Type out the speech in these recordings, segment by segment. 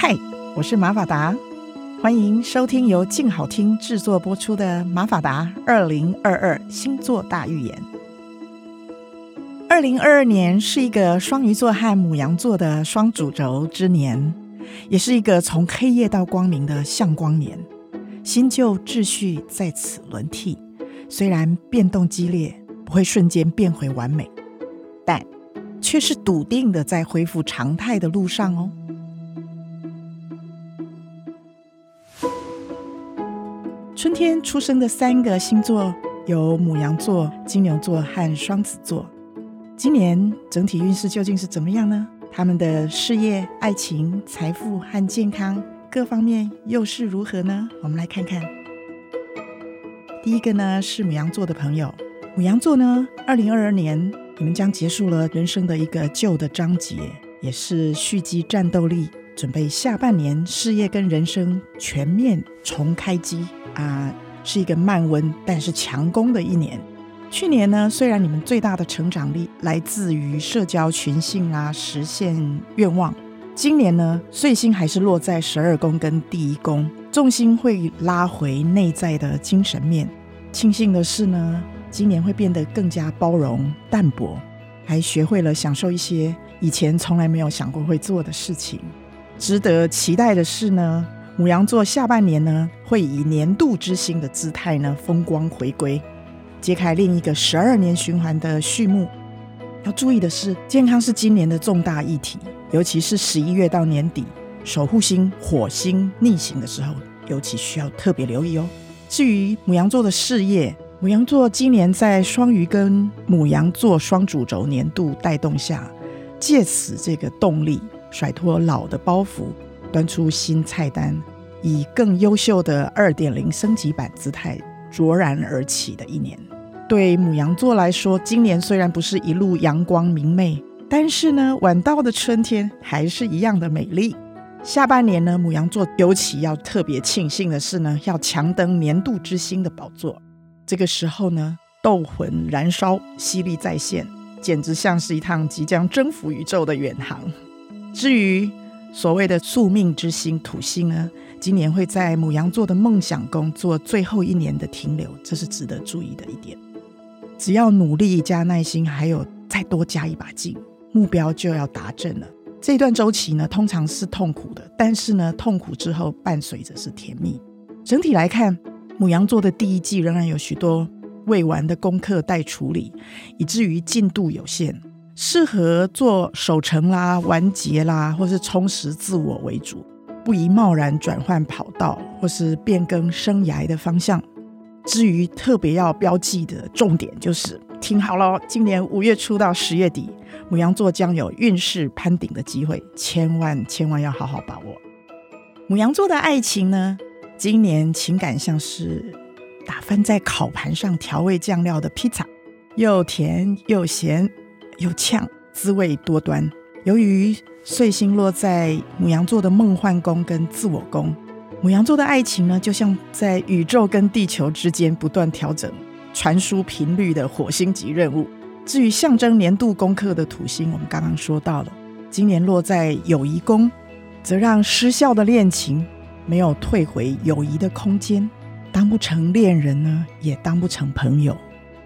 嗨，Hi, 我是馬法達，歡迎收聽由靜好聽制作播出的《馬法達二零二二星座大預言》。二零二二年是一個雙魚座和牡羊座的雙主軸之年，也是一個從黑夜到光明的向光年，新舊秩序在此輪替。雖然變動激烈，不會瞬間變回完美，但卻是篤定的在恢復常態的路上哦。春天出生的三個星座有牡羊座、金牛座和雙子座。今年整體運勢究竟是怎麼樣呢？他們的事業、愛情、財富和健康各方面又是如何呢？我們來看看。第一個呢是牡羊座的朋友。牡羊座呢，二零二二年你們將結束了人生的一個舊的章節，也是蓄積戰鬥力，準備下半年事業跟人生全面重開機。啊，是一個慢溫但是強攻的一年。去年呢，雖然你們最大的成長力來自於社交群星啊，實現願望。今年呢，歲星還是落在十二宮跟第一宮，重心會拉回內在的精神面。慶幸的是呢，今年會變得更加包容、淡薄，還學會了享受一些以前從來沒有想過會做的事情。值得期待的是呢。牡羊座下半年呢，會以年度之星的姿態呢，風光回歸，揭開另一個十二年循環的序幕。要注意的是，健康是今年的重大議題，尤其是十一月到年底，守護星火星逆行的時候，尤其需要特別留意哦。至於牡羊座的事業，牡羊座今年在雙魚跟牡羊座雙主軸年度帶動下，借此這個動力，甩脫老的包袱。端出新菜單，以更優秀的二點零升級版姿態卓然而起的一年。對牡羊座來說，今年雖然不是一路陽光明媚，但是呢，晚到的春天還是一樣的美麗。下半年呢，牡羊座尤其要特別慶幸的是呢，要強登年度之星的寶座。這個時候呢，鬥魂燃燒，犀利在線，簡直像是一趟即將征服宇宙的遠航。至於，所謂的宿命之星土星呢，今年會在牡羊座的夢想宮做最後一年的停留，這是值得注意的一點。只要努力加耐心，還有再多加一把勁，目標就要達成了。這段週期呢，通常是痛苦的，但是呢，痛苦之後伴隨着是甜蜜。整體來看，牡羊座的第一季仍然有許多未完的功課待處理，以至於進度有限。適合做守成啦、完結啦，或是充實自我為主，不宜貿然轉換跑道或是變更生涯的方向。至於特別要標記的重點，就是聽好囉，今年五月初到十月底，牡羊座將有運勢攀頂的機會，千萬千萬要好好把握。牡羊座的愛情呢，今年情感像是打翻在烤盤上調味醬料的披薩，又甜又鹹。有嗆，滋味多端。由於歲星落在牡羊座的夢幻宮跟自我宮，牡羊座的愛情呢，就像在宇宙跟地球之間不斷調整傳輸頻率的火星級任務。至於象徵年度功課的土星，我們剛剛說到了，今年落在友誼宮，則讓失效的戀情沒有退回友誼的空間，當不成戀人呢，也當不成朋友。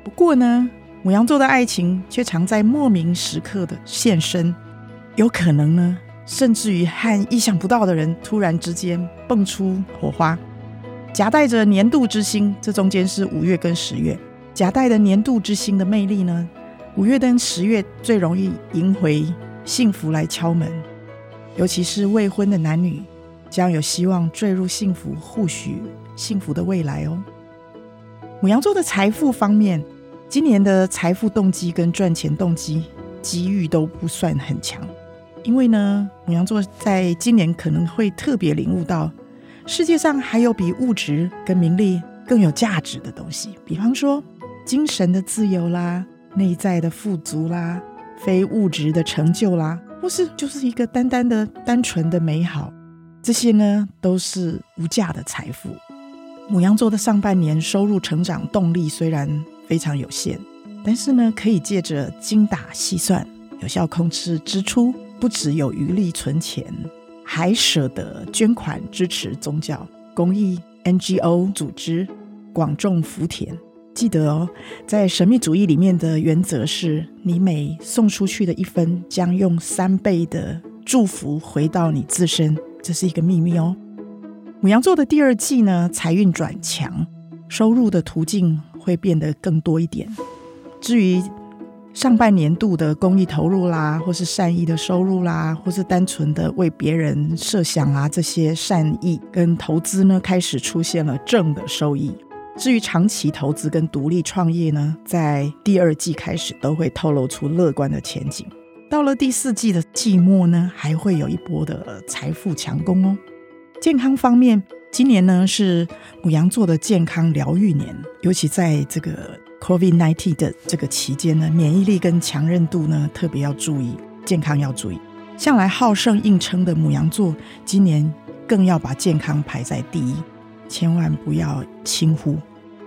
不過呢。牡羊座的愛情卻常在莫名時刻的現身，有可能呢，甚至於和意想不到的人突然之間蹦出火花，夾帶着年度之星。這中間是五月跟十月，夾帶著年度之星的魅力呢，五月跟十月最容易迎回幸福來敲門，尤其是未婚的男女將有希望墜入幸福，或許幸福的未來哦。牡羊座的財富方面。今年的財富動機跟賺錢動機機遇都不算很強，因為呢，牡羊座在今年可能會特別領悟到，世界上還有比物質跟名利更有價值的東西，比方說精神的自由啦、內在的富足啦、非物質的成就啦，或是就是一個單單的單純的美好，這些呢都是無價的財富。牡羊座的上半年收入成長動力雖然。非常有限，但是呢，可以借着精打細算，有效控制支出，不只有餘力存錢，還捨得捐款支持宗教、公益、NGO 組織，廣種福田。記得哦，在神秘主義裡面的原則是，你每送出去的一分，將用三倍的祝福回到你自身，這是一個秘密哦。牡羊座的第二季呢，財運轉強。收入的途徑會變得更多一點。至於上半年度的公益投入啦，或是善意的收入啦，或是單純的為別人設想啊，這些善意跟投資呢，開始出現了正的收益。至於長期投資跟獨立創業呢，在第二季開始都會透露出樂觀的前景。到了第四季的季末呢，還會有一波的財富強攻哦。健康方面，今年呢是牡羊座的健康療癒年，尤其在這個 COVID-19 的這個期間呢，免疫力跟強韌度呢特別要注意，健康要注意。向來好勝硬撐的牡羊座，今年更要把健康排在第一，千萬不要輕忽。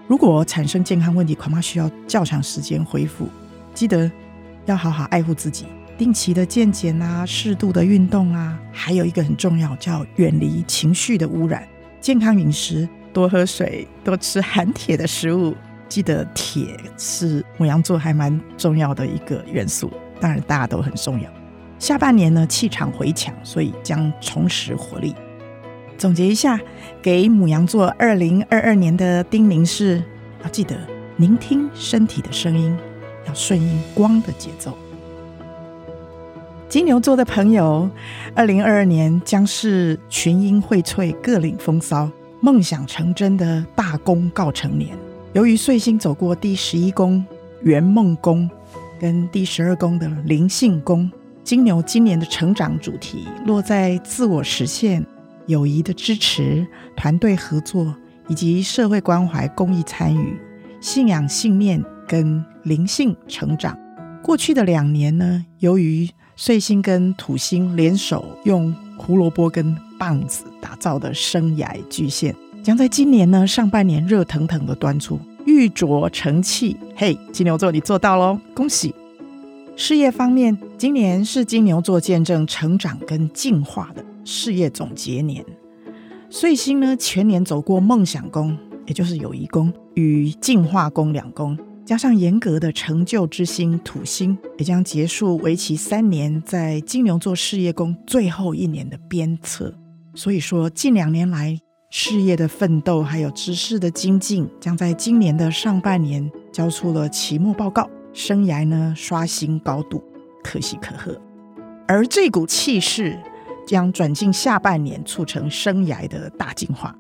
如果產生健康問題，恐怕需要較長時間恢復。記得要好好愛護自己，定期的健檢啊，適度的運動啊，還有一個很重要，叫遠離情緒的污染。健康飲食，多喝水，多吃含鐵的食物。記得鐵是牡羊座還蠻重要的一個元素，當然大家都很重要。下半年呢，氣場回強，所以將重拾活力。總結一下，給牡羊座二零二二年的叮嚀是：要記得聆聽身體的聲音，要順應光的節奏。金牛座的朋友，二零二二年將是群英薈萃、各領風騷、夢想成真的大功告成年。由於歲星走過第十一宮圓夢宮，跟第十二宮的靈性宮，金牛今年的成長主題落在自我實現、友誼的支持、團隊合作以及社會關懷、公益參與、信仰信念跟靈性成長。過去的兩年呢，由於歲星跟土星聯手，用胡蘿蔔跟棒子打造的生涯巨獻，將在今年呢上半年熱騰騰的端出，玉琢成器。嘿、Hey，金牛座你做到嘍，恭喜！事業方面，今年是金牛座見證成長跟進化的事業總結年。歲星呢，全年走過夢想宮，也就是友誼宮與進化宮兩宮。加上嚴格的成就之星土星，也將結束為期三年在金牛座事業宮最後一年的鞭策。所以說，近兩年來事業的奮鬥，還有知識的精進，將在今年的上半年交出了期末報告。生涯呢，刷新高度，可喜可賀。而這股氣勢將轉進下半年，促成生涯的大進化。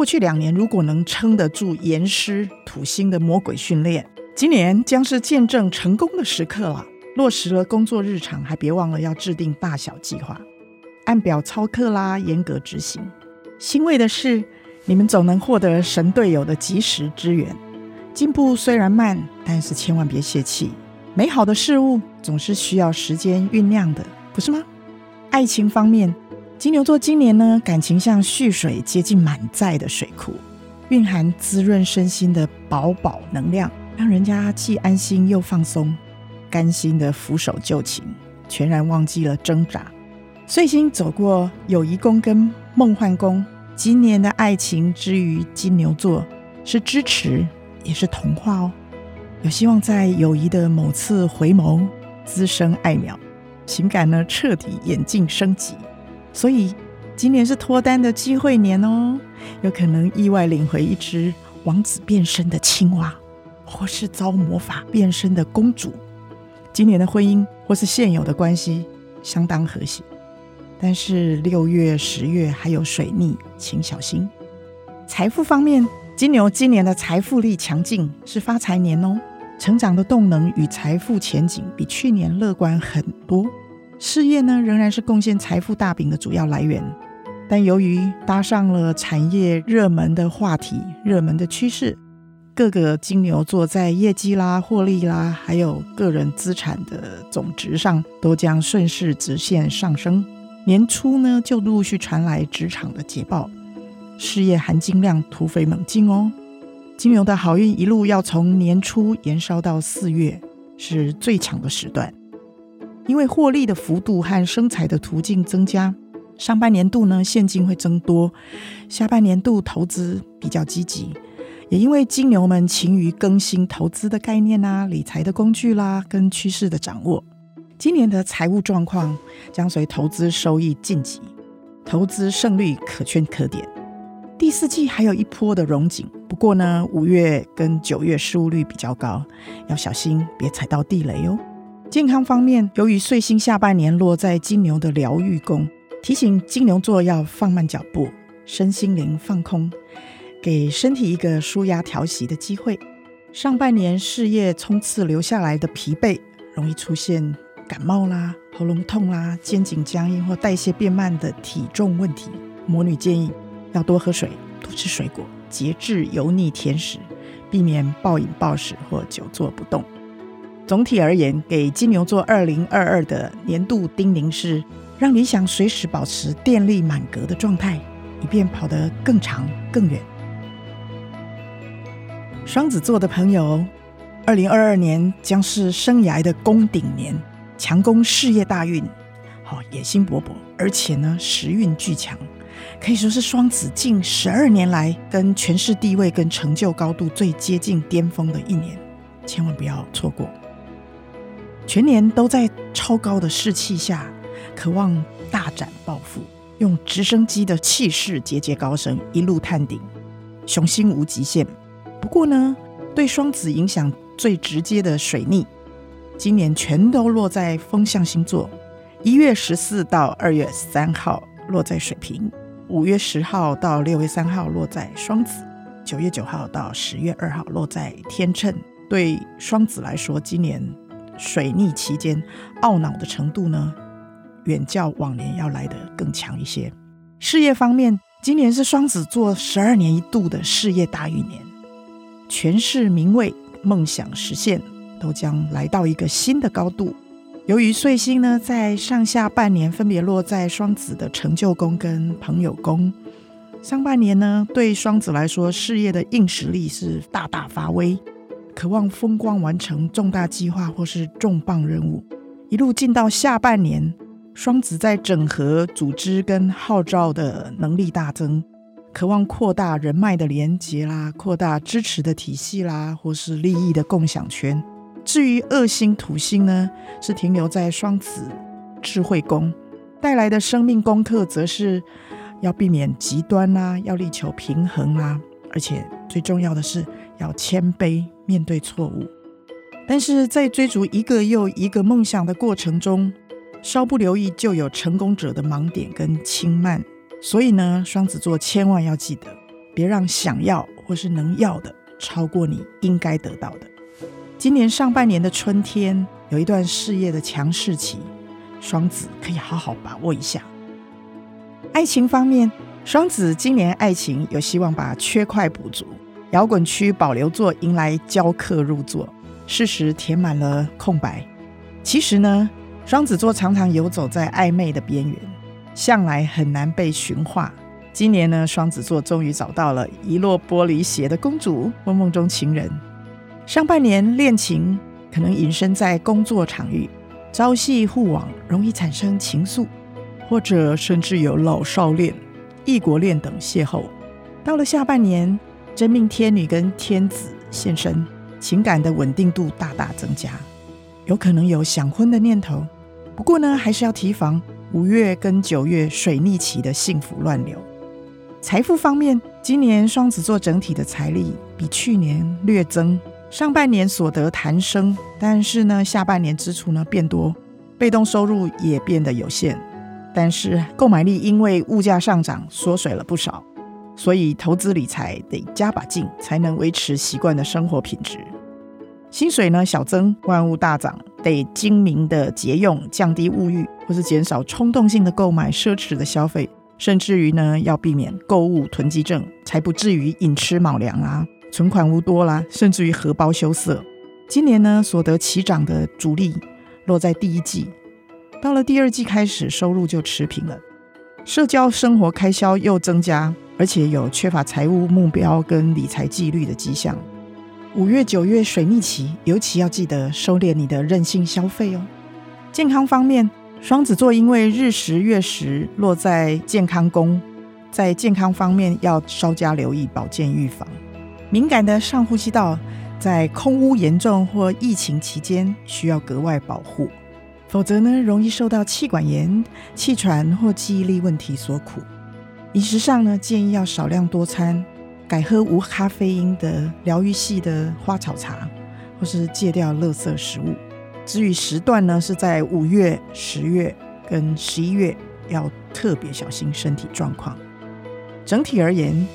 過去兩年，如果能撐得住嚴師、土星的魔鬼訓練，今年將是見證成功的時刻了。落實了工作日常，還別忘了要制定大小計劃，按表操課啦，嚴格執行。欣慰的是，你們總能獲得神隊友的及時支援。進步雖然慢，但是千萬別洩氣。美好的事物總是需要時間醞釀的，不是嗎？愛情方面。金牛座今年呢，感情像蓄水接近滿載的水庫，蘊含滋潤身心的飽飽能量，讓人家既安心又放鬆，甘心的俯首就擒，全然忘記了掙扎。碎心走過友誼宮跟夢幻宮，今年的愛情之於，金牛座是支持也是同化哦。有希望在友誼的某次回眸滋生愛苗，情感呢徹底演進升級。所以，今年是脫單的機會年哦，有可能意外領回一隻王子變身的青蛙，或是遭魔法變身的公主。今年的婚姻或是現有的關係相當和諧，但是六月、十月還有水逆，請小心。財富方面，金牛今年的財富力強勁，是發財年哦。成長的動能與財富前景比去年樂觀很多。事業呢，仍然是貢獻財富大餅的主要來源，但由於搭上了產業熱門的話題、熱門的趨勢，各個金牛座在業績啦、獲利啦，還有個人資產的總值上，都將順勢直線上升。年初呢，就陸續傳來職場的捷報，事業含金量突飛猛進哦。金牛的好運一路要從年初延燒到四月，是最強的時段。因為獲利的幅度和生財的途徑增加，上半年度呢，現金會增多，下半年度投資比較積極。也因為金牛們勤於更新投資的概念啊、理財的工具啦、跟趨勢的掌握，今年的財務狀況將隨投資收益晉級，投資勝率可圈可點。第四季還有一波的榮景，不過呢，五月跟九月失誤率比較高，要小心別踩到地雷喲、哦。健康方面，由於歲星下半年落在金牛的療癒宮，提醒金牛座要放慢腳步，身心靈放空，給身體一個舒壓調息的機會。上半年事業衝刺留下來的疲憊，容易出現感冒啦、喉嚨痛啦、肩頸僵硬或代謝變慢的體重問題。魔女建議要多喝水、多吃水果，節制油膩甜食，避免暴飲暴食或久坐不動。總體而言，給金牛座二零二二的年度叮嚀是：讓理想隨時保持電力滿格的狀態，以便跑得更長更遠。雙子座的朋友，二零二二年將是生涯的攻頂年，強攻事業大運，好、哦、野心勃勃，而且呢時運巨強，可以說是雙子近十二年來跟權勢地位跟成就高度最接近巔峰的一年，千萬不要錯過。全年都在超高的士氣下，渴望大展抱負，用直升機的氣勢節節高升，一路探頂，雄心無極限。不過呢，對雙子影響最直接的水逆，今年全都落在風象星座：一月十四到二月三號落在水瓶，五月十號到六月三號落在雙子，九月九號到十月二號落在天秤。對雙子來說，今年。水逆期間，懊惱的程度呢，遠較往年要來得更強一些。事業方面，今年是雙子座十二年一度的事業大運年，權勢名位、夢想實現都將來到一個新的高度。由於歲星呢，在上下半年分別落在雙子的成就宮跟朋友宮，上半年呢，對雙子來說，事業的硬實力是大大發威。渴望風光完成重大計劃或是重磅任務，一路進到下半年，雙子在整合組織跟號召的能力大增，渴望擴大人脈的連接啦，擴大支持的體系啦，或是利益的共享圈。至於惡星土星呢，是停留在雙子智慧宮，帶來的生命功課，則是要避免極端啦、啊，要力求平衡啦、啊，而且最重要的是。要謙卑面對錯誤，但是在追逐一個又一個夢想的過程中，稍不留意就有成功者的盲點跟輕慢。所以呢，雙子座千萬要記得，別讓想要或是能要的超過你應該得到的。今年上半年的春天有一段事業的強勢期，雙子可以好好把握一下。愛情方面，雙子今年愛情有希望把缺塊補足。搖滾區保留座迎來嬌客入座，適時填滿了空白。其實呢，雙子座常常游走在曖昧的邊緣，向來很難被馴化。今年呢，雙子座終於找到了遺落玻璃鞋的公主，夢夢中情人。上半年戀情可能隱身在工作場域，朝夕互往，容易產生情愫，或者甚至有老少戀、異國戀等邂逅。到了下半年，真命天女跟天子現身，情感的穩定度大大增加，有可能有想婚的念頭。不過呢，還是要提防五月跟九月水逆期的幸福亂流。財富方面，今年雙子座整體的財力比去年略增，上半年所得彈升，但是呢，下半年支出呢變多，被動收入也變得有限。但是購買力因為物價上漲縮水了不少。所以投資理財得加把勁，才能維持習慣的生活品質。薪水呢小增，萬物大漲，得精明的節用，降低物欲，或是減少衝動性的購買、奢侈的消費，甚至於呢要避免購物囤積症，才不至於寅吃卯糧啊，存款無多啦，甚至於荷包羞澀。今年呢所得起漲的主力落在第一季，到了第二季開始收入就持平了，社交生活開銷又增加。而且有缺乏財務目標跟理財紀律的跡象。五月、九月水逆期，尤其要記得收斂你的任性消費哦。健康方面，雙子座因為日食、月食落在健康宮，在健康方面要稍加留意保健預防。敏感的上呼吸道在空污嚴重或疫情期間需要格外保護，否則呢，容易受到氣管炎、氣喘或記憶力問題所苦。飲食上呢，建議要少量多餐，改喝無咖啡因的療癒系的花草茶，或是戒掉垃圾食物。至於時段呢，是在五月、十月跟十一月要特別小心身體狀況。整體而言，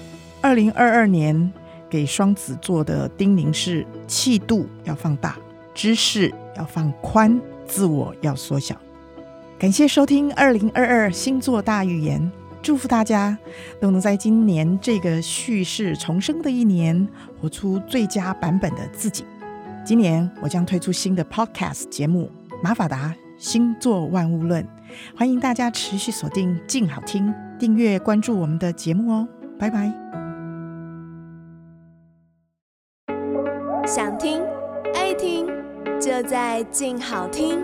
二零二二年給雙子座的叮嚀是：氣度要放大，知識要放寬，自我要縮小。感謝收聽《二零二二星座大預言》。祝福大家都能在今年這個蓄勢重生的一年，活出最佳版本的自己。今年我將推出新的 Podcast 節目《馬法達星座萬物論》，歡迎大家持續鎖定靜好聽，訂閱關注我們的節目哦。拜拜，想聽愛聽就在靜好聽。